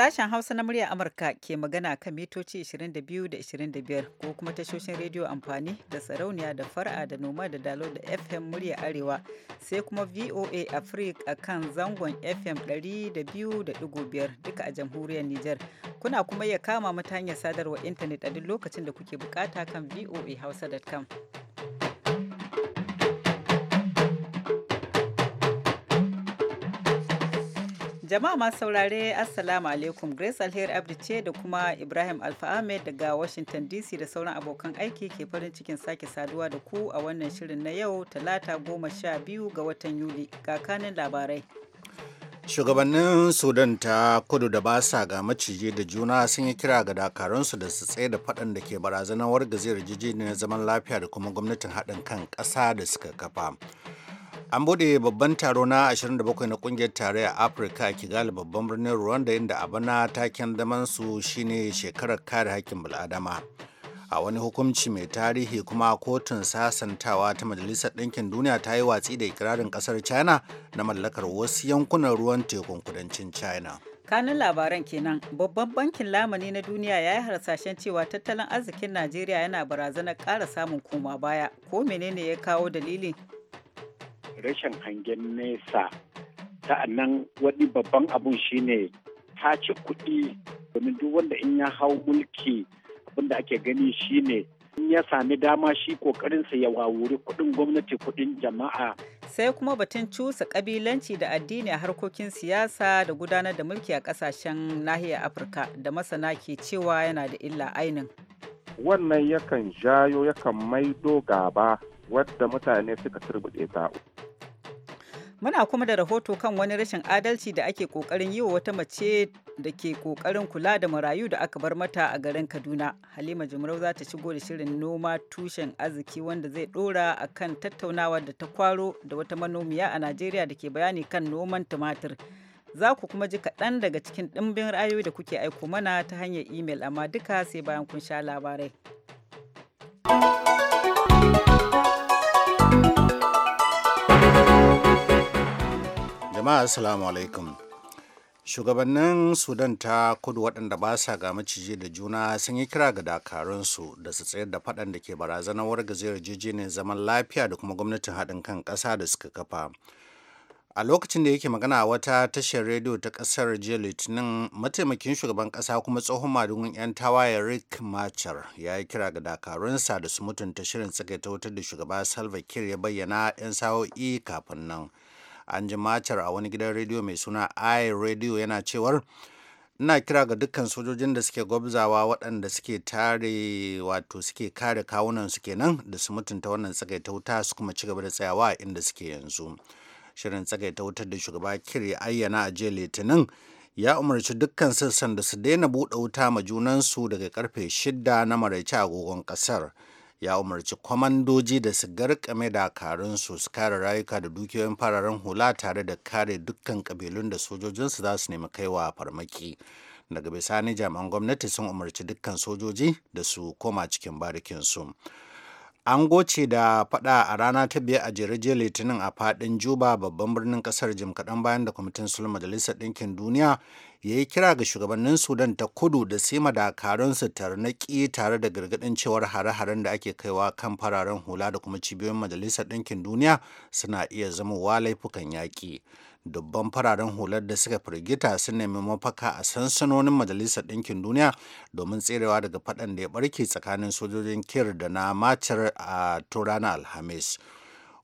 Sashen Hausa na murya Amurka ke magana kan mitoci 22 da 25 ko kuma tashoshin rediyo amfani da sarauniya da fara da noma da dalo da FM murya Arewa sai kuma VOA Africa a kan zangon FM 200.5 duka a jamhuriyar Nijar. Kuna kuma iya kama mata hanyar sadarwa intanet a duk lokacin da kuke bukata kan voa hausa.com. Jama'a masu saurare Assalamu alaikum Grace Alheri Abdi ce da kuma Ibrahim Alfa daga Washington DC da sauran abokan aiki ke farin cikin sake saduwa da ku a wannan shirin na yau talata goma sha biyu ga watan Yuli ga kanin labarai. Shugabannin Sudan ta kudu da ba sa ga maciji da juna sun yi kira ga dakaransu da su tsaye da faɗan da ke barazanar da jijiyar zaman lafiya da kuma gwamnatin haɗin kan ƙasa da suka kafa. An bude babban taro na 27 na kungiyar tarayya Afirka a Kigali babban birnin Rwanda inda a bana taken zaman su shine shekarar kare hakkin bil'adama. A wani hukunci mai tarihi kuma kotun sasantawa ta Majalisar Ɗinkin Duniya ta yi watsi da ikirarin ƙasar China na mallakar wasu yankunan ruwan tekun kudancin China. kanun labaran kenan babban bankin lamani na duniya ya yi harsashen cewa tattalin arzikin najeriya yana barazanar kara samun koma baya ko menene ya kawo dalilin rashin hangen nesa sa'annan wani babban abun shine ta ci kuɗi domin duk wanda in ya hau mulki abinda ake gani shine in ya sami dama shi kokarinsa ya wawuri kuɗin gwamnati kuɗin jama'a sai kuma batun cusa kabilanci da addini a harkokin siyasa da gudanar da mulki a kasashen nahiyar afirka da masana ke cewa yana da illa ainin wannan yakan jayo yakan maido gaba wadda mutane suka turbuɗe ta Muna kuma da rahoto kan wani rashin adalci da ake kokarin yi wa wata mace da ke kokarin kula da marayu da aka bar mata a garin Kaduna. Halima Jumrau za ta shigo da shirin noma tushen arziki wanda zai ɗora a kan tattaunawa da ta kwaro da wata manomiya a Najeriya da ke bayani kan noman tumatir. Za ku kuma ji kaɗan daga cikin ɗimbin ra'ayoyi da kuke aiko mana ta hanyar imel amma duka sai bayan kun sha labarai. jama'a assalamu alaikum shugabannin sudan ta kudu waɗanda ba sa ga maciji da juna sun yi kira ga dakarunsu da su tsayar da faɗan da ke barazanar wargazewar jijiyar zaman lafiya da kuma gwamnatin haɗin kan ƙasa da suka kafa a lokacin da yake magana a wata tashar rediyo ta ƙasar jiya litinin mataimakin shugaban ƙasa kuma tsohon madugun 'yan tawaye rick machar ya yi kira ga dakarunsa da su mutunta shirin tsakaita wutar da shugaba salva kiir ya bayyana 'yan sa'o'i kafin nan an ji macar a wani gidan rediyo mai suna i radio yana cewar ina kira ga dukkan sojojin da suke gwabzawa waɗanda suke tare wato suke kare kawunan su kenan da su mutunta wannan tsagaita wuta su kuma ci gaba da tsayawa inda suke yanzu shirin tsagaita wutar da shugaba kiri ayyana a jiya litinin ya umarci dukkan sassan da su daina buɗe wuta ma junansu daga karfe shida na maraice agogon ƙasar. kasar ya umarci kwamandoji da su garkame dakarunsu su kare rayuka da dukiyoyin fararen hula tare da kare dukkan kabilun da sojojinsu za su nemi kaiwa farmaki daga bisani jami'an gwamnati sun umarci dukkan sojoji da su koma cikin barikinsu. su an goce da fada a rana ta biyar a jere litinin a fadin juba babban birnin kasar jim kaɗan bayan da kwamitin sul majalisar ɗinkin duniya ya yi kira ga shugabannin sudan ta kudu da sima su tarnaƙi tare da gargaɗin cewar hare-haren da ake kaiwa kan fararen hula da kuma cibiyoyin majalisar ɗinkin duniya suna iya zamowa laifukan yaƙi. dubban fararen hular da suka firgita sun nemi mafaka a sansanonin majalisar ɗinkin duniya domin tserewa daga faɗan da ya ɓarke tsakanin sojojin kir da na matar a turana alhamis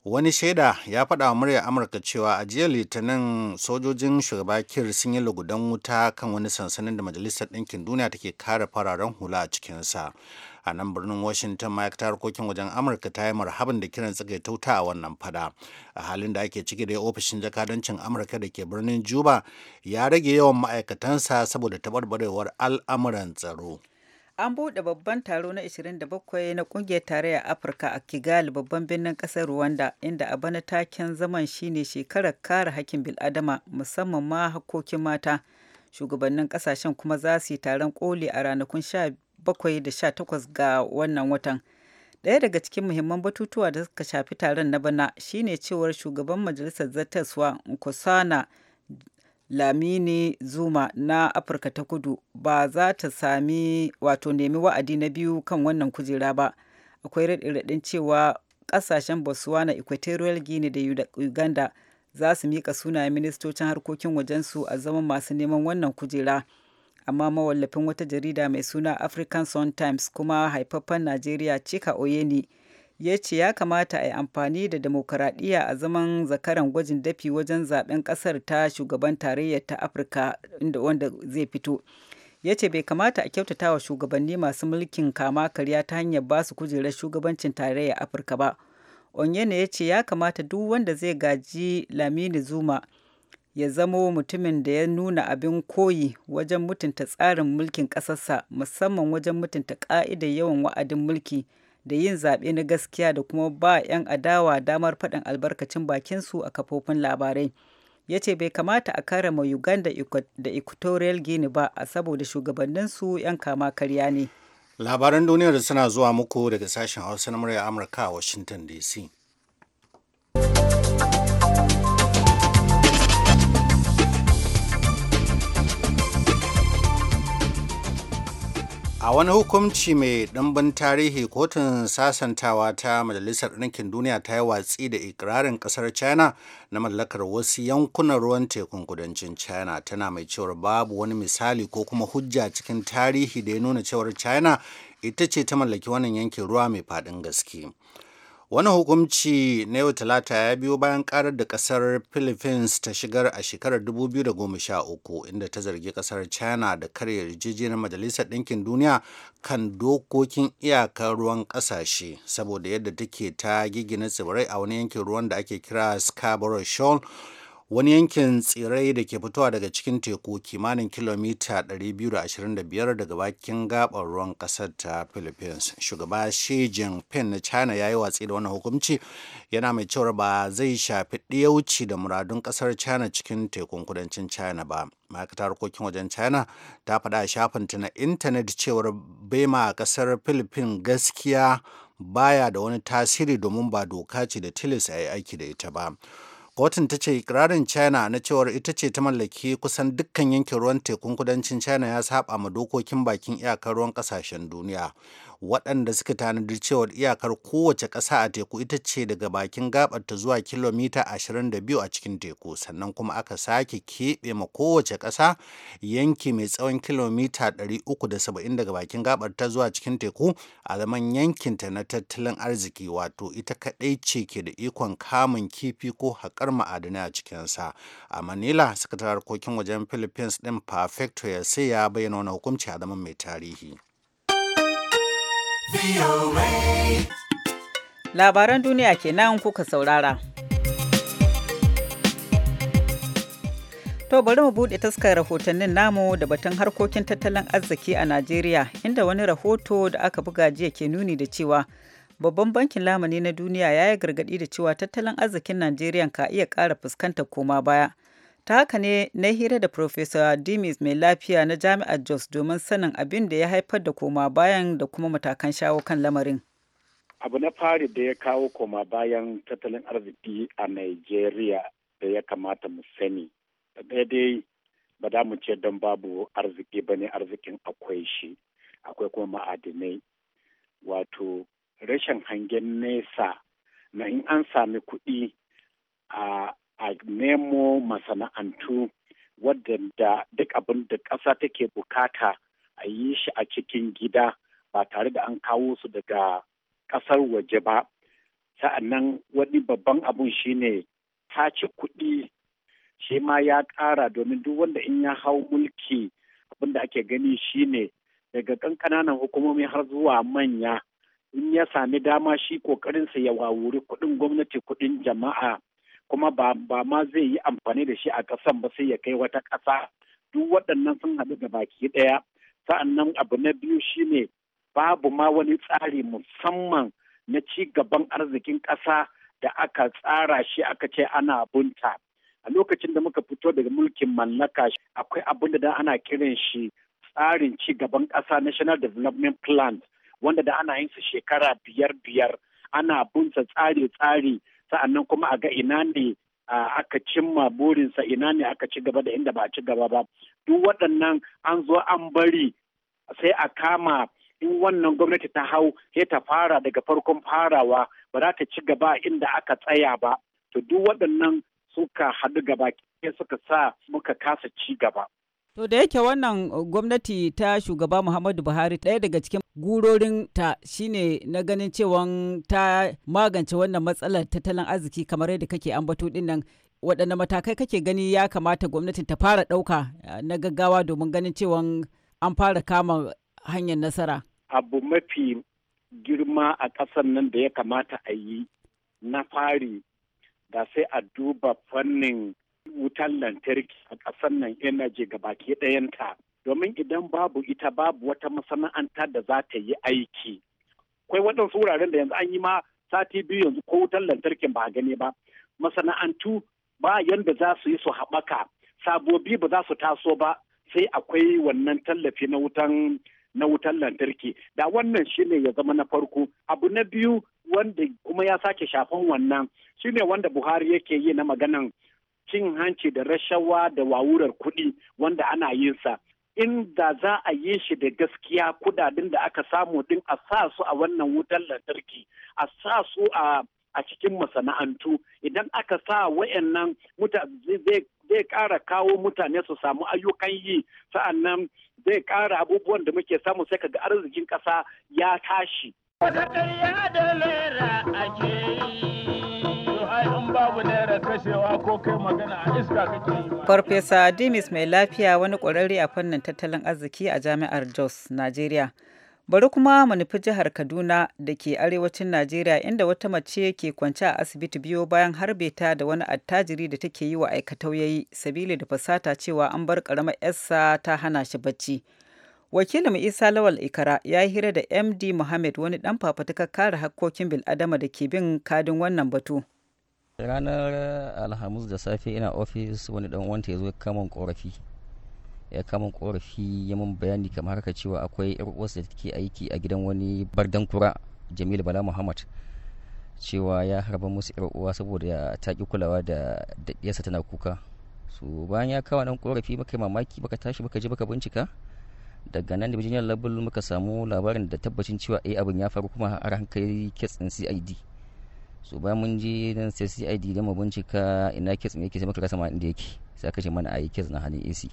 wani shaida ya faɗa wa murya amurka cewa a jiya litinin sojojin shugaba kir sun yi lugudan wuta kan wani sansanin da majalisar ɗinkin duniya take kare fararen hula a cikinsa a nan birnin washington ma'aikatar harkokin wajen amurka ta yi marhaban da kiran tsagaita tauta a wannan fada a halin da ake ciki da ofishin jakadancin amurka da ke birnin juba ya rage yawan ma'aikatansa saboda taɓarɓarewar al'amuran tsaro an buɗe babban taro na 27 na ƙungiyar tarayyar afirka a kigali babban birnin ƙasar rwanda inda a bana taken zaman shine shekarar kare hakkin bil'adama musamman ma hakkokin mata shugabannin ƙasashen kuma za su yi taron koli a ranakun bakwai da sha takwas ga wannan watan ɗaya daga cikin muhimman batutuwa da suka shafi taron na bana shine cewar shugaban majalisar zartaswa nkosana lamini zuma na afirka ta kudu ba za ta sami wato nemi wa'adi na biyu kan wannan kujera ba akwai raɗin cewa ƙasashen botswana equatorial guinea da uganda za su miƙa sunayen ministocin harkokin wajensu a zaman masu neman wannan kujera amma mawallafin wata jarida mai suna African Sun Times kuma haifaffen Najeriya Chika Oyeni ya ce ya kamata a yi amfani da demokuraɗiyya a zaman zakaran gwajin dafi wajen zaben ƙasar ta shugaban tarayyar ta Afirka wanda zai fito. ya ce bai kamata a kyautata wa shugabanni masu mulkin kama karya ta hanyar ba su kujerar shugabancin tarayyar afirka ba onyene ya ce ya kamata duk wanda zai gaji lamini zuma ya zamo mutumin da ya nuna abin koyi wajen mutunta tsarin mulkin ƙasarsa musamman wajen mutunta ƙa'idar yawan wa'adin mulki da yin zaɓe na gaskiya da kuma ba 'yan adawa damar faɗin albarkacin bakinsu a kafofin labarai ya ce bai kamata a kare mai uganda da equatorial guinea ba a saboda shugabanninsu 'yan kama karya ne labaran duniyar da suna zuwa muku daga sashen hausa na murya amurka a washington dc a wani hukunci mai ɗimbin tarihi kotun sasantawa ta majalisar ɗinkin duniya ta yi watsi da ikirarin ƙasar china na mallakar wasu yankunan ruwan tekun kudancin china tana mai cewar babu wani misali ko kuma hujja cikin tarihi da ya nuna cewar china ita ce ta mallaki wannan yankin ruwa mai faɗin gaske wani hukumci na yau talata ya biyo bayan karar da kasar philippines ta shigar a shekarar 2013 inda ta zargi kasar china da karya yarjejeniyar majalisar ɗinkin duniya kan dokokin iyakar ruwan ƙasashe saboda yadda take ta gigina tsibirai a wani yankin ruwan da ake kira scarborough shoal wani yankin tsirrai da ke fitowa daga cikin teku kimanin kilomita 225 daga bakin gabar ruwan kasar ta philippines shugaba shi jinping na china ya yi watsi da wani hukunci yana mai cewar ba zai shafi ɗiyauci da muradun kasar china cikin tekun kudancin china ba ma'aikatar harkokin wajen china ta faɗa shafinta na intanet cewar bema kasar philippines gaskiya baya da wani tasiri domin ba doka ce da tilis a yi aiki da ita ba kotun ta ce ikirarin china na cewar ita ce ta mallaki kusan dukkan yankin ruwan tekun kudancin china ya saba ma dokokin bakin iyakar ruwan kasashen duniya waɗanda suka tanadi cewar iyakar kowace ƙasa a teku ita ce daga bakin gabar zuwa kilomita 22 a cikin teku sannan kuma aka sake keɓe ma kowace ƙasa yanki mai tsawon kilomita 370 daga bakin gabar zuwa cikin teku a zaman yankinta na tattalin arziki wato ita kaɗai ce ke da ikon kamun kifi ko haƙar ma'adanai a cikinsa a manila sakatar harkokin wajen philippines ɗin perfecto ya sai ya bayyana wani hukunci a zaman mai tarihi Labaran duniya kenan kuka saurara. To bari mu buɗe taskar rahotannin namu da batun harkokin tattalin arziki a Najeriya inda wani rahoto da aka buga jiya ke nuni da cewa babban bankin lamani na duniya ya yi gargaɗi da cewa tattalin arzikin Najeriya ka iya ƙara fuskantar koma baya ta haka ne na hira da Profesa Dimis mai lafiya na Jami'ar Jos domin sanin abin da ya haifar da koma bayan da kuma matakan shawo kan lamarin. Abu na fari da ya kawo koma bayan tattalin arziki a nigeria da ya kamata mu sani. Ɗaya dai ba za mu ce don babu arziki ba ne arzikin akwai shi, akwai kuma ma'adinai. Wato, rashin hangen nesa na in an sami kuɗi a a nemo masana'antu wadda duk abin da ƙasa take bukata a yi shi a cikin gida ba tare da an kawo su daga ƙasar waje ba sa'annan wani babban abun shine ta ci kuɗi shi ma ya ƙara domin duk wanda in ya hau mulki abin da ake gani shine daga ƙan hukumomi har zuwa manya in ya sami dama shi ƙoƙarinsa ya wawuri kuɗin gwamnati kuɗin jama'a kuma ba ma zai yi amfani da shi a ƙasan ba sai ya kai wata ƙasa duk waɗannan sun haɗu da baki ɗaya sa'annan abu na biyu shine babu ma wani tsari musamman na ci gaban arzikin ƙasa da aka tsara shi aka ce ana bunta a lokacin da muka fito daga mulkin mallaka akwai abin da ana kiran shi tsarin ci gaban ƙasa national development plan wanda da ana yin su shekara biyar biyar ana bunta tsari tsari sa'annan kuma a ga ina ne aka cimma burinsa ina ne aka ci gaba da inda ba a ci gaba ba duk waɗannan an zo an bari sai a kama in wannan gwamnati ta hau sai ta fara daga farkon farawa ba za ta ci gaba inda aka tsaya ba to duk waɗannan suka haɗu gaba ke suka sa muka kasa ci gaba To da yake wannan uh, gwamnati ta shugaba Muhammadu Buhari ɗaya daga cikin gurorin ta shine na ganin cewa ta magance wannan matsalar tattalin arziki kamar yadda kake ambato din nan waɗanne matakai kake gani ya kamata gwamnatin ta fara ɗauka eh, na gaggawa domin ganin cewa an fara kama hanyar nasara abu mafi girma a ƙasar nan da ya kamata a yi na fari da sai a duba fannin wutan lantarki a ƙasar nan energy baki ɗayanta domin idan babu ita babu wata masana'anta da za ta yi aiki kwai waɗansu wuraren da yanzu an yi ma sati biyu yanzu ko wutan lantarkin ba gani ba masana'antu ba yanda za su yi su haɓaka sabobi ba za su taso ba sai akwai wannan tallafi na wutan na wutan lantarki da wannan shine ya zama na farko abu na biyu wanda kuma ya sake shafan wannan shine wanda buhari yake yi na maganan cin hanci da rashawa da wawurar kuɗi wanda ana yin sa inda za a yi shi da gaskiya kudaden da aka samu din a sa su a wannan wutar lantarki a sa su a a cikin masana'antu idan aka sa wayannan zai ƙara kawo mutane su samu ayyukan yi sa'annan zai kara abubuwan da muke samu sai ga arzikin ƙasa ya tashi. Wata ƙarya da lera ake yi. in babu naira farfesa dimis mai lafiya wani ƙwararre a fannin tattalin arziki a jami'ar jos najeriya bari kuma manufi jihar kaduna da ke arewacin najeriya inda wata mace ke kwance a asibiti biyo bayan harbe ta da wani attajiri da take yi wa aikatauyayi sabili da fasata cewa an bar karamar yarsa ta hana shi bacci wakilin isa lawal ikara ya yi hira da md muhammad wani dan fafatukar kare hakkokin bil'adama da ke bin kadin wannan batu ranar eh, alhamis da safe ina ofis wani dan wanta ya zo kamun korafi ya kamun korafi ya mun bayani kamar haka cewa akwai yar da take aiki a gidan wani bardan kura jamilu bala muhammad cewa ya harba musu yar uwa saboda ta ki kulawa da daɗiyarsa tana kuka so bayan ya kawo nan korafi yi mamaki baka tashi baka je baka bincika daga nan da bijiniyar labul muka samu labarin da tabbacin cewa eh abin ya faru kuma har hankali kitsin cid so bayan mun je nan sai CID da mu bincika ina kes ne yake sai muka rasa ma inda yake sai aka ce mana yi kes na hannun AC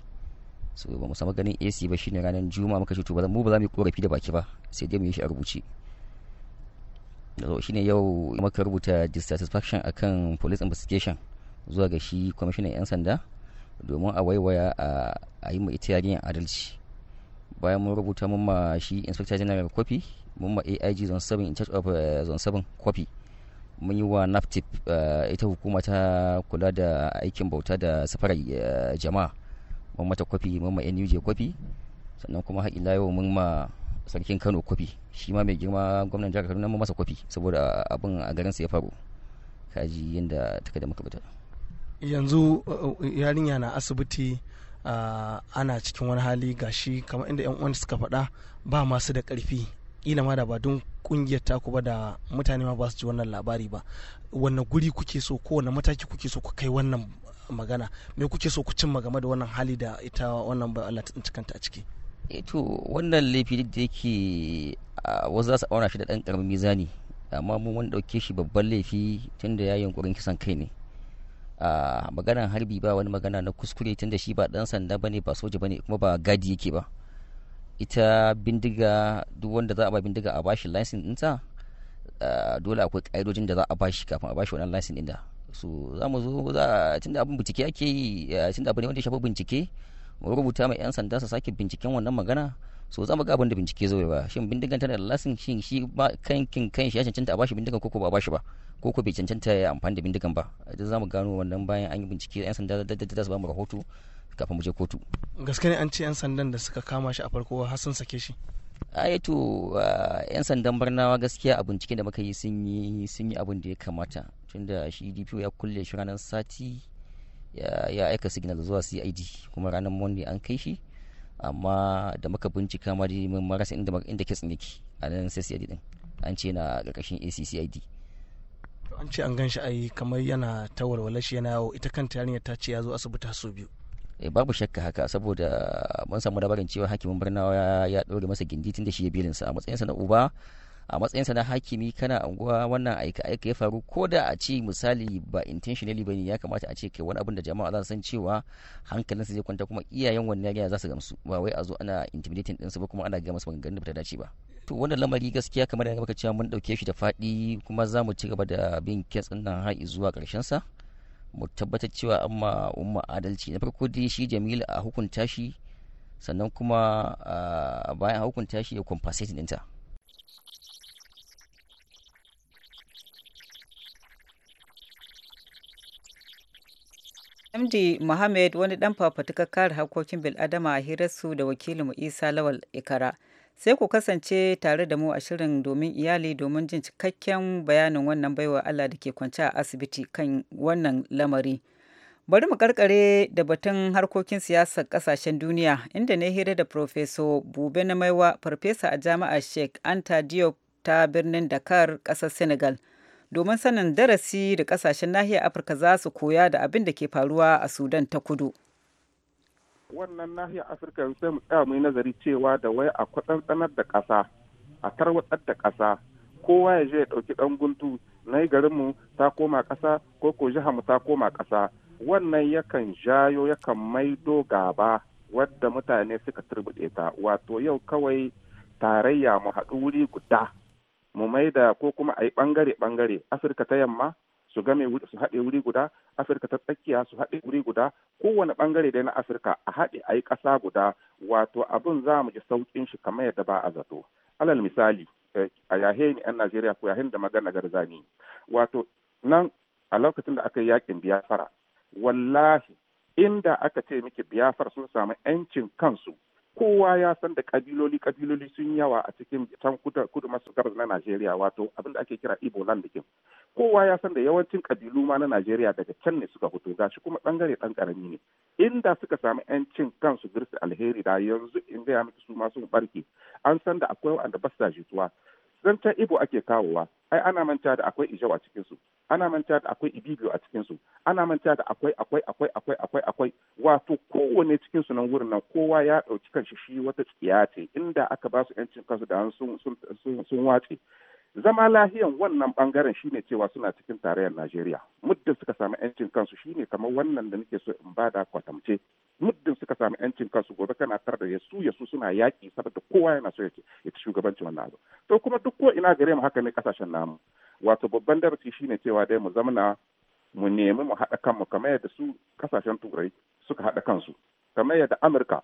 so ba mu samu ganin AC ba shine ranar juma'a muka ce to ba mu ba za mu yi korafi da baki ba sai dai mu yi shi a rubuce so shine yau muka rubuta dissatisfaction akan police investigation zuwa ga shi kwamishinan 'yan sanda domin a waiwaya a yi mu ita yarinyar adalci bayan mun rubuta mun ma shi inspector general kofi mun ma aig zone 7 in charge of eh, zone 7 kofi mun yi wa naftip eh, ita hukuma ta kula da aikin bauta da safarar eh, jama'a mun mata kwafi mun ma nuje kwafi sannan kuma har yau mun ma sarkin kano kwafi shi ma mai girma gwamnan jihar kaduna mun masa kwafi saboda abin a garinsa ya faru kaji yadda ta kada muka bata. yanzu eh, yarinya na asibiti ah, ana cikin wani hali gashi kamar inda yan uwan suka faɗa ba masu da ƙarfi kila ma da ba don kungiyar taku ba da mutane ma ba su ji wannan labari ba wanne guri kuke so ko wanne mataki kuke so ku kai wannan magana me kuke so ku cimma game da wannan hali da ita wannan ba Allah ta a ciki eh to wannan laifi da yake wasu za su auna shi da dan karamin mizani amma mun wani dauke shi babban laifi tunda ya yunkurin kisan kai ne a maganan harbi ba wani magana na kuskure tunda shi ba dan sanda bane ba soja bane kuma ba gadi yake ba ita bindiga duk wanda za a ba bindiga a bashi license ta ah, dole akwai ƙa'idojin da za a bashi kafin a bashi wannan license ɗin da so za mu zo za tunda abin bincike ake yi ah, tunda abu ne wanda ya shafi bincike mu rubuta mai 'yan sanda su sake binciken wannan magana so za mu ga abin da bincike zai ba shin bindigan tana da lansin shin shi ba kankin kan shi ya cancanta a bashi bindigan ko ba a bashi ba ko ko bai cancanta ya amfani da bindigan ba idan za mu gano wannan bayan an yi bincike 'yan sanda da za su ba mu rahoto kafin muje kotu gaske ne an ce yan sandan da suka kama shi a farko har sun sake shi ai to uh, yan sandan barnawa gaskiya a binciken da muka yi sun yi sun yi abin da ya kamata tunda shi DPO ya kulle shi ranar sati ya aika signal zuwa CID kuma ranar Monday an kai shi amma da muka bincika ma dai mun marasa inda inda kitsin yake a nan sai CID din an ce na karkashin ACCID an ce an gan shi ai kamar yana ta walwala shi yana yawo ita kanta yarinya ta ce ya zo asibiti su biyu Eh, babu shakka haka saboda mun samu labarin cewa hakimin birna ya ɗore masa gindi tun da shi ya bilinsa a matsayinsa na uba a matsayinsa na hakimi kana anguwa wannan aika aika ya faru ko da a ce misali ba intentionally bane ya kamata a ce kai wani abin da jama'a za su san cewa hankalinsa zai kwanta kuma iyayen wannan yarinya za su gamsu ba wai a zo ana intimidating ɗinsu ba kuma ana ga masu maganganun da ba ta dace ba to wannan lamari gaskiya kamar da muka cewa mun ɗauke shi da faɗi kuma za mu ci gaba da bin kes ɗin nan har zuwa karshen sa mu tabbatar cewa an ma umma adalci na farko dai shi jamilu a hukunta shi sannan kuma a bayan hukunta shi ya compensate ɗinta MD mohamed wani dan fafatukar kare harkokin bil'adama a hirarsu da wakilinmu Isa Lawal Ikara. sai ku kasance tare da mu a shirin domin iyali domin jin cikakken bayanin wannan baiwa Allah da ke kwance a asibiti kan wannan lamari. Bari mu karkare da batun harkokin siyasar kasashen duniya inda na hira da Profeso Bube na Maiwa, farfesa a jami'ar Sheikh Anta Diop ta birnin Dakar, ƙasar Senegal, domin sanin darasi da kasashen nahiyar Afirka za su koya da abin da ke faruwa a Sudan ta kudu. wannan nahiyar afirka sai mu tsaya mu yi nazari cewa da wai a kwatsantsanar da ƙasa a tarwatsar da ƙasa kowa ya je ya ɗauki ɗan guntu na yi garinmu ta koma ƙasa ko ko mu ta koma ƙasa wannan yakan jayo yakan maido gaba wadda mutane suka turbuɗe ta wato yau kawai tarayya mu haɗu wuri guda mu maida ko kuma a yi ɓangare-ɓangare afirka ta yamma su game su haɗe wuri guda afirka ta tsakiya su haɗe wuri guda kowane bangare da na afirka a haɗe a yi ƙasa guda wato abin za mu ji sauƙin shi kamar yadda ba a zato alal misali eh, a yahe ni yan najeriya ko yahe da magana garzani wato nan a lokacin da aka yi yakin biyafara wallahi inda aka ce miki biyafar sun samu 'yancin kansu kowa ya san da kabiloli kabiloli sun yawa a cikin can kudu maso gabas na Najeriya wato abin da ake kira Ibo land kowa ya san da yawancin kabilu ma na Najeriya daga can ne suka fito gashi kuma bangare dan karami ne inda suka samu yancin kansu girsi alheri da yanzu in gaya miki su masu sun barke an san da akwai wanda basa jituwa zan ta ibo ake kawowa ai ana manta da akwai ijau a cikin su ana manta da akwai ibibio a cikinsu ana manta da akwai akwai akwai akwai akwai akwai wato kowane cikin su nan wurin nan kowa ya dauki kanshi shi wata tsiya ce inda aka ba su yancin kansu da sun sun wace zama lahiyan wannan bangaren shine cewa suna cikin tarayyar Najeriya muddin suka samu yancin kansu shine kamar wannan da nake so in bada kwatamce muddin suka samu yancin kansu gobe kana tar da su yasu suna yaki saboda kowa yana so ya shugabancin wannan abu to kuma duk ko ina gare mu haka ne kasashen namu wato babban darasi shine cewa dai mu zamana mu nemi mu haɗa kanmu kamar yadda su kasashen turai suka haɗa kansu kamar yadda amurka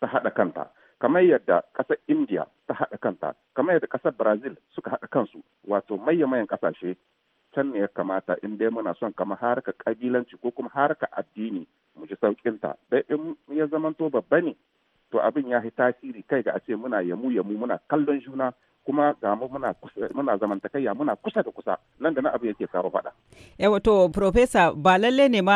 ta haɗa kanta kamar yadda ƙasar Indiya ta haɗa kanta kamar yadda ƙasar brazil suka haɗa kansu wato mayan ƙasashe can ne ya kamata in dai muna son kamar harka ƙabilanci ko kuma harka addini mu ji ta dai in ya zamanto babba ne to abin ya yi tasiri kai ga a ce muna yamu yamu muna kallon juna kuma ga mu muna kusa muna zamantakayya muna kusa da kusa nan da na abu yake kawo faɗa. Eh wato profesa ba lalle ne ma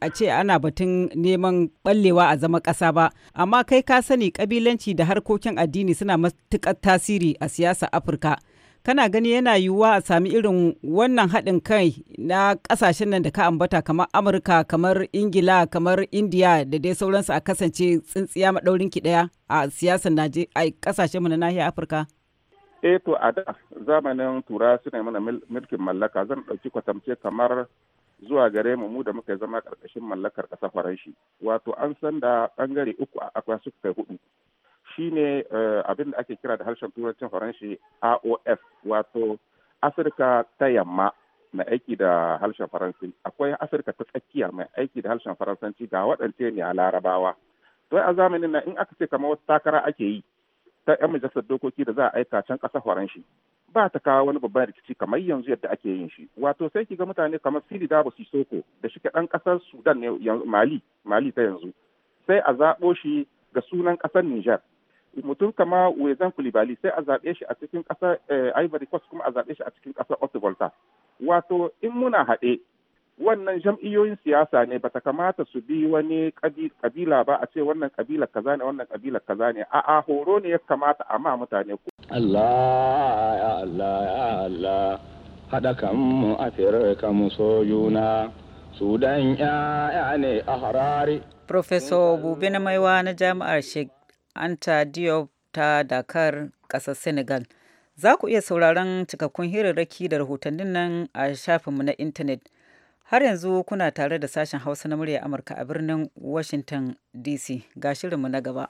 a ce ana batun neman ballewa a zama ƙasa ba amma kai ka sani kabilanci da harkokin addini suna matuƙar tasiri a siyasa afirka kana gani yana yiwuwa a sami irin wannan haɗin kai na ƙasashen nan da ka ambata kamar amurka kamar ingila kamar indiya da dai sauransu a kasance tsintsiya maɗaurin ki ɗaya a siyasar a ƙasashen mu na nahiyar afirka eh to a da zamanin tura suna mana mulkin mallaka zan ɗauki kwatamce kamar zuwa gare mu mu da muka zama ƙarƙashin mallakar ƙasa faranshi wato an san da ɓangare uku a akwai suka kai hudu shine eh, abin da ake kira da harshen turancin faranshi aof wato afirka ta yamma mai aiki da harshen faransanci akwai afirka ta tsakiya mai aiki da harshen faransanci ga waɗance ne a larabawa to a zamanin nan in aka ce kamar wata takara ake yi ta 'yan majalisar dokoki da za a aika can ƙasa horon shi ba ta kawo wani babban rikici kamar yanzu yadda ake yin shi wato sai ki ga mutane kamar siri dabo sisoko da shi ɗan ƙasar sudan ne mali mali ta yanzu sai a zaɓo shi ga sunan ƙasar niger mutum kama wezan kulibali sai a zaɓe shi a cikin ƙasar eh, ivory coast kuma a zaɓe shi a cikin ƙasar otivolta wato in muna haɗe wannan jam'iyyoyin siyasa ne bata kamata su bi wani kabila ba a ce wannan kabila kaza ne wannan kabila kaza ne a a horo ne ya kamata a ma mutane ku Allah ya Allah ya Allah hada kan mu afirka mu so juna sudan ya ne a harare Professor Bube na Maiwa na Jami'ar Sheikh Anta Diop ta Dakar kasar Senegal. Za ku iya sauraron cikakkun hirarraki da rahotannin nan a shafinmu na intanet. Har yanzu kuna tare da sashen Hausa na murya Amurka a birnin Washington DC ga shirinmu na gaba.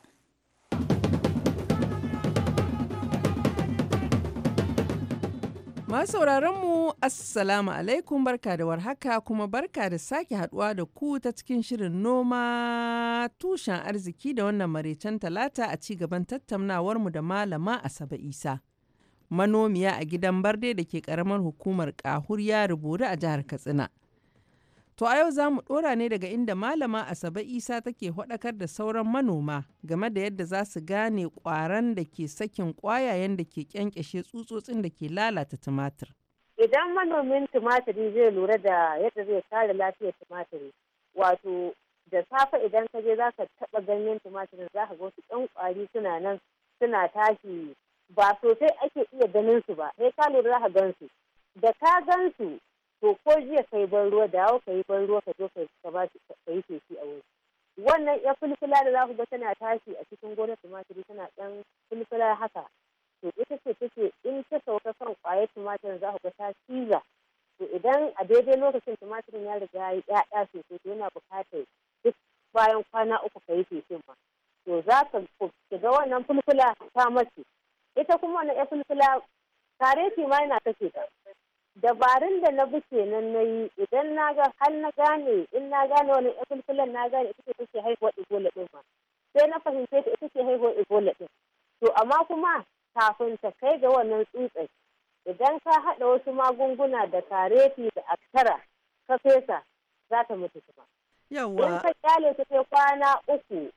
Masu mu Assalamu alaikum barka da warhaka kuma barka da sake haduwa da ku ta cikin shirin noma tushen arziki da wannan maraicen talata a ci gaban tattaunawarmu da malama Asaba Isa. Manomiya a gidan barde da ke karamar hukumar kahur ya rubuta a jihar Katsina. To a yau za mu ɗora ne daga inda Malama Asabe Isa take haɗakar da sauran manoma game da yadda za su gane ƙwaran da ke sakin ƙwayayen da ke ƙyanƙyashe tsutsotsin da ke lalata tumatir. Idan manomin tumatiri zai lura da yadda zai kare lafiyar tumatiri, wato da safe idan ka je za ka taɓa ganyen tumatirin za ka ga wasu kwari ƙwari suna nan suna tashi ba sosai ake iya ganin su ba, sai ka lura za ka gan su. Da ka gan su to ko jiya kai ban ruwa da yawo kai ban ruwa ka zo ka ba shi ka yi feshi a wuri wannan ya fulfula da za ku ga tana tashi a cikin gonar tumatiri tana ɗan fulfula haka to ita ce take in ta sauka kan ƙwayar tumatirin za ku ga ta ciza to idan a daidai lokacin tumatirin ya riga ya yi ɗaya sosai to yana buƙatar duk bayan kwana uku ka yi feshin ma to za ka ga wannan fulfula ta mace ita kuma wannan ya fulfula kare ma yana kashe ta dabarun da na bi kenan na yi idan na ga har na gane in na gane wani kulkulan na gane ita ce take haihuwar ibola ɗin ma sai na fahimce ta ita ce haihuwar ibola ɗin to amma kuma kafin ta kai ga wannan tsutsai idan ka haɗa wasu magunguna da karefi da aktara ka fesa za ta mutu kuma in ka kyale ta kai kwana uku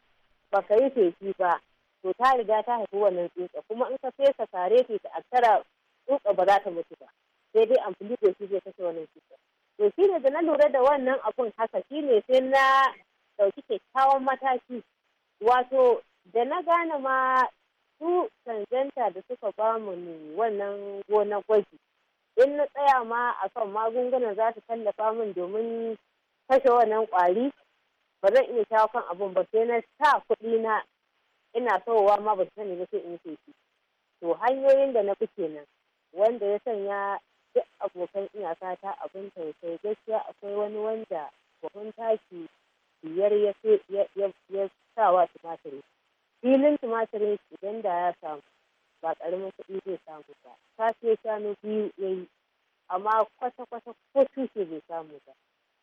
baka yi feshi ba to ta riga ta haifi wannan tsutsa kuma in ka fesa karefi da aktara tsutsa ba za ta mutu ba sai dai amfani da shi zai kashe wannan cutar to shi ne da na lura da wannan abun haka shi ne sai na ɗauki kyakkyawan mataki wato da na gane ma su canjanta da suka ba mu wannan gona gwaji in na tsaya ma a kan magungunan za su tallafa min domin kashe wannan kwari ba zan iya shawo kan abun ba sai na sa kuɗi na ina sowa ma ba su sani ba sai in to hanyoyin da na fi kenan wanda ya sanya duk abokan iyaka ta abin tausayi gaskiya akwai wani wanda babban taki biyar ya ya sa wa tumatiri filin tumatiri idan da ya samu ba karamin kuɗi zai samu ba ta sai shanu biyu ya yi amma kwata-kwata ko tushe bai samu ba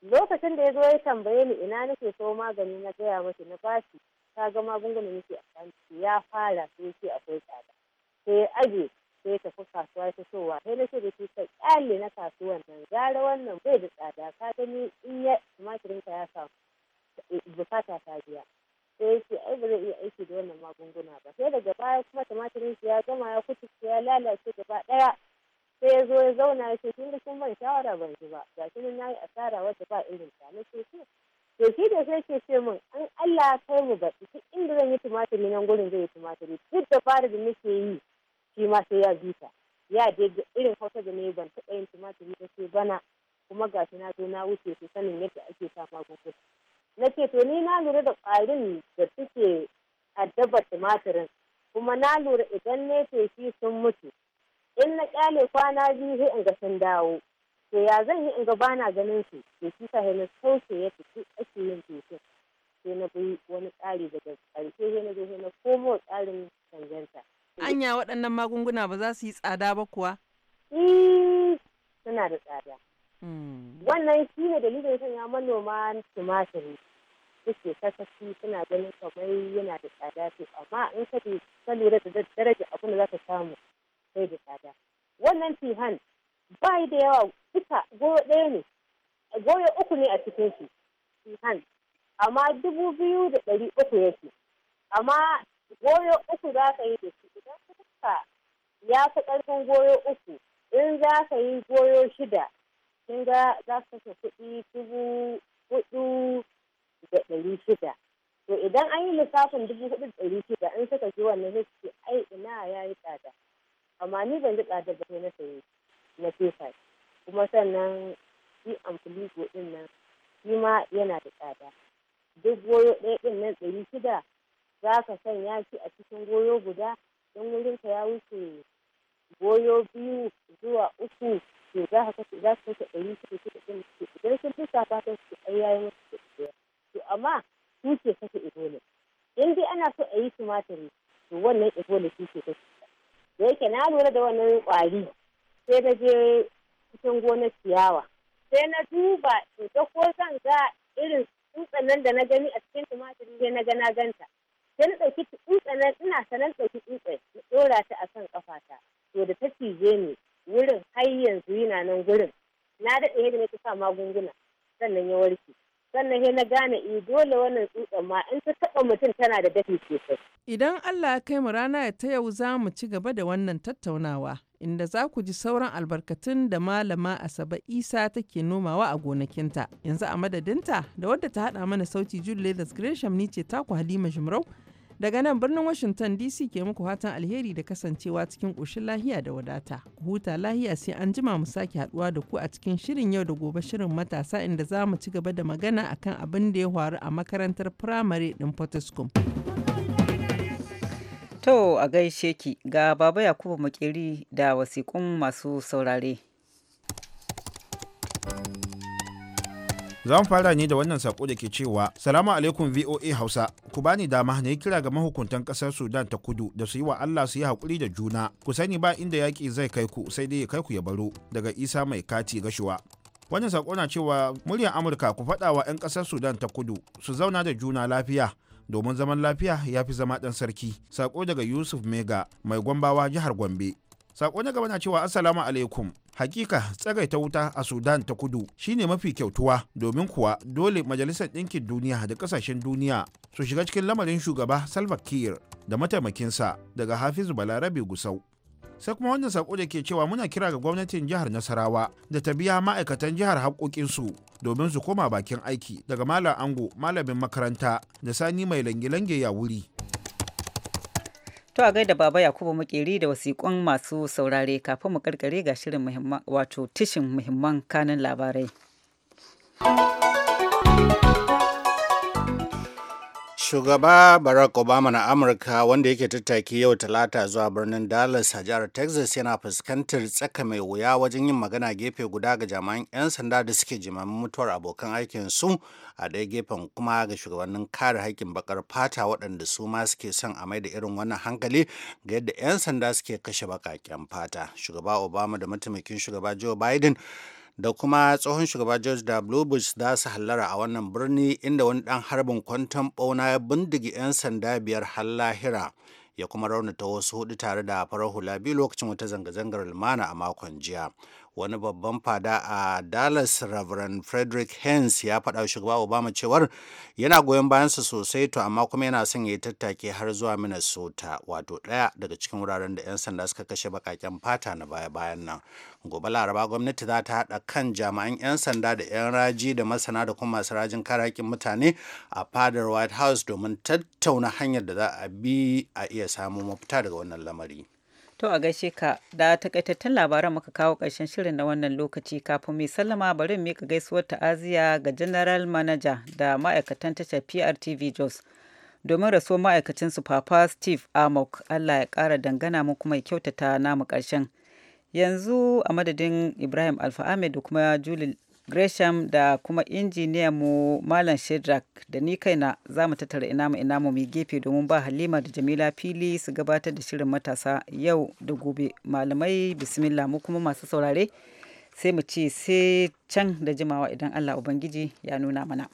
lokacin da ya zo ya tambaye ni ina nake so magani na gaya mashi na bashi ta ga magungunan nake a ya fara sai ce akwai tsada sai ya aje sai ya tafi kasuwa ya wa. sai na ce da shi kai na kasuwan nan gara wannan bai da tsada ka gani in ya tumatirin ka ya samu bukata ta biya sai ya ce ai ba zai iya aiki da wannan magunguna ba sai daga baya kuma tumatirin ya gama ya kutuce ya lalace gaba ɗaya sai ya zo ya zauna ya ce kin da kun ban shawara ban ji ba ga shi na yi asara wacce ba irin ta na ce to shi da sai ke ce min an Allah kai mu ba duk inda zan yi tumatiri nan gurin zai yi tumatiri duk da fara da nake yi shi ma sai ya bi ta ya je irin hausa da ne ban taɓa yin tumatiri ba sai bana kuma ga gashi na zo na wuce su sanin yadda ake sa magunguna na ce to ni na lura da ƙwarin da suke addabar tumatirin kuma na lura idan ne feshi sun mutu in na ƙyale kwana biyu sai in ga sun dawo to ya zan yi in ga bana ganin su shi ta hana sauke ya fito ake yin feshin sai na bi wani tsari daga ƙarshe sai na zo sai na komo tsarin canjanta anya waɗannan magunguna ba za su yi tsada ba kuwa? Mm, suna da tsada. Hmm. Wannan shi ne dalilin sanya manoma tumatiri suke sakaci suna ganin kamar yana da tsada su amma in ka ka lura da daraja abin da za ka samu sai da tsada. Wannan tihan ba yi da yawa duka goyo ɗaya ne goyo uku ne a cikin shi tihan amma dubu biyu da ɗari uku yake amma goyo uku za ka yi da shi idan kuka ya fi ƙarfin goyo uku in za ka yi goyo shida kin ga za su kashe kuɗi dubu hudu da ɗari shida to idan an yi lissafin dubu hudu da ɗari shida in suka ji wannan sai ai ina ya yi tsada amma ni ban ji tsada ba na sayi na fesa kuma sannan shi amfani goɗin nan shi ma yana da tsada duk goyo ɗaya ɗin nan ɗari shida za ka sanya shi a cikin goyo guda wurin ka ya wuce goyo biyu zuwa uku to za ka kashe za ka kashe ɗari ɗin idan sun lissafa ta su ai yayi wasu kuɗi ɗaya to amma su ke kashe ibola in dai ana so a yi tumatiri to wannan ibola su ke kashe da yake na lura da wannan ƙwari sai na je cikin gonar ciyawa sai na duba to ko zan ga irin tsutsan nan da na gani a cikin tumatiri sai na ga na ganta sai na ɗauki tsutsanan ina sanan ɗauki tsutsa na ɗora ta a kan kafata to da ta cije ni wurin har yanzu yana nan gurin na daɗe yadda nake sa magunguna sannan ya warke sannan sai na gane i eh, dole wannan tsutsan ma in ta taɓa mutum tana da dafi sosai. Idan Allah ya kai mu rana ta yau za mu ci gaba da wannan tattaunawa. inda za ku ji sauran albarkatun da malama Asaba Isa take nomawa a gonakinta. Yanzu a madadinta da wadda ta haɗa mana sauti Julie Leathers Gresham ni ce taku Halima Jumrau. Daga nan birnin Washington DC ke muku fatan alheri da kasancewa cikin ƙoshin lahiya da wadata. Huta lahiya sai an jima mu sake haduwa da ku a cikin shirin yau da gobe shirin matasa inda za mu ci gaba da magana akan abin da ya faru a makarantar firamare din Potoskum. To a gaishe ki ga Baba Yakubu makiri da wasiƙun masu saurare. Zan fara ne da wannan sako da ke cewa Salamu alaikum VOA Hausa ku bani dama na kira ga mahukuntan kasar Sudan ta kudu da su yi wa Allah su yi haƙuri da juna ku sani ba inda yaƙi zai kai ku sai dai ya kai ku ya baro daga Isa mai kati gashuwa. Wannan sako na cewa muryar Amurka ku faɗa wa 'yan ƙasar Sudan ta kudu su zauna da juna lafiya domin zaman lafiya ya fi zama ɗan sarki sako daga yusuf mega mai gwambawa jihar gombe sako na gaba na cewa assalamu alaikum hakika tsagaita wuta a sudan ta kudu shine mafi kyautuwa domin kuwa dole majalisar ɗinkin duniya da ƙasashen duniya su shiga cikin lamarin shugaba salva kiir da mataimakinsa daga hafizu balarabe gusau sai kuma wannan sako da ke cewa muna kira ga gwamnatin jihar nasarawa da ta biya ma'aikatan jihar haƙoƙinsu domin su koma bakin aiki daga malam ango malamin makaranta da sani mai lange-lange ya wuri to a gaida baba yakubu makeri da wasiƙun masu saurare kafin mu karkare ga shirin wato tishin muhimman kanin labarai Shugaba Barack Obama na Amurka wanda yake tattaki yau talata zuwa birnin Dallas a jihar Texas yana fuskantar tsaka mai wuya wajen yin magana gefe guda ga jami'an 'yan sanda da suke jimamin mutuwar abokan aikinsu a ɗaya gefen kuma ga shugabannin kare haƙƙin bakar fata waɗanda su ma suke son a mai da irin wannan hankali ga yadda 'yan sanda suke kashe baƙaƙen fata. Shugaba Obama da mataimakin shugaba Joe Biden da kuma tsohon shugaba george w bush za su hallara a wannan birni inda wani dan harbin kwanton bauna ya bindige 'yan sanda biyar har lahira ya kuma raunata wasu hudu tare da farar hula biyu lokacin wata zanga-zangar lumana a makon jiya wani babban fada a dallas reverend frederick hens ya faɗa shugaba obama cewar yana goyon bayansa sosai to amma kuma yana son ya yi tattake har zuwa minnesota wato ɗaya daga cikin wuraren da 'yan sanda suka kashe baƙaƙen fata na baya-bayan nan gobe laraba gwamnati za ta haɗa kan jami'an 'yan sanda da 'yan raji da masana da kuma masu rajin karakin mutane a fadar white house domin tattauna hanyar da za a bi a iya samun mafita daga wannan lamari to a gaishe ka da takaitattun labaran muka kawo ƙarshen shirin na wannan lokaci kafin mai sallama bari mu ka gaisuwar ta'aziyya ga general manager da ma'aikatan tashar prtv jos domin rasuwar ma'aikacin su papa steve amok allah ya ƙara dangana mu kuma ya kyautata namu ƙarshen yanzu a madadin ibrahim alfa ahmed da kuma julie gresham da kuma injiniya mu malam shedrack da ni kaina za mu tattara ina mu ina mu gefe domin ba halima da jamila fili su gabatar da shirin matasa yau da gobe malamai bismillah mu kuma masu saurare sai mu ce sai can da jimawa idan allah ubangiji ya nuna mana